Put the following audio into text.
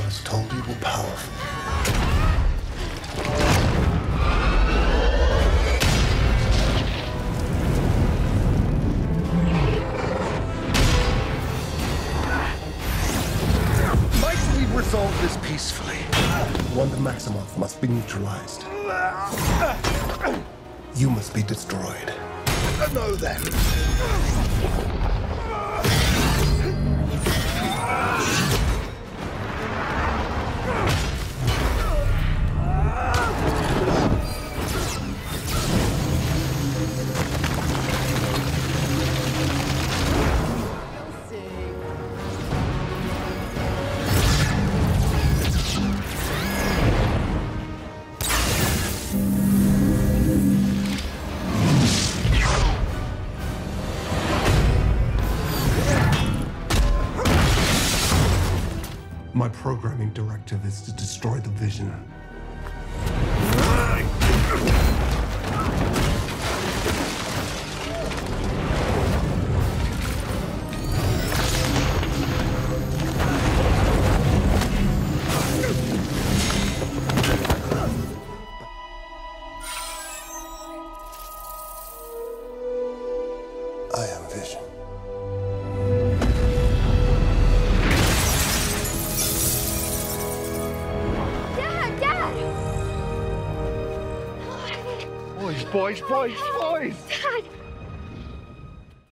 I was told you were powerful. resolve this peacefully. One Maximoff must be neutralized. You must be destroyed. No, then. My programming directive is to destroy the vision. I am vision. boys, boys, boys, boys! God.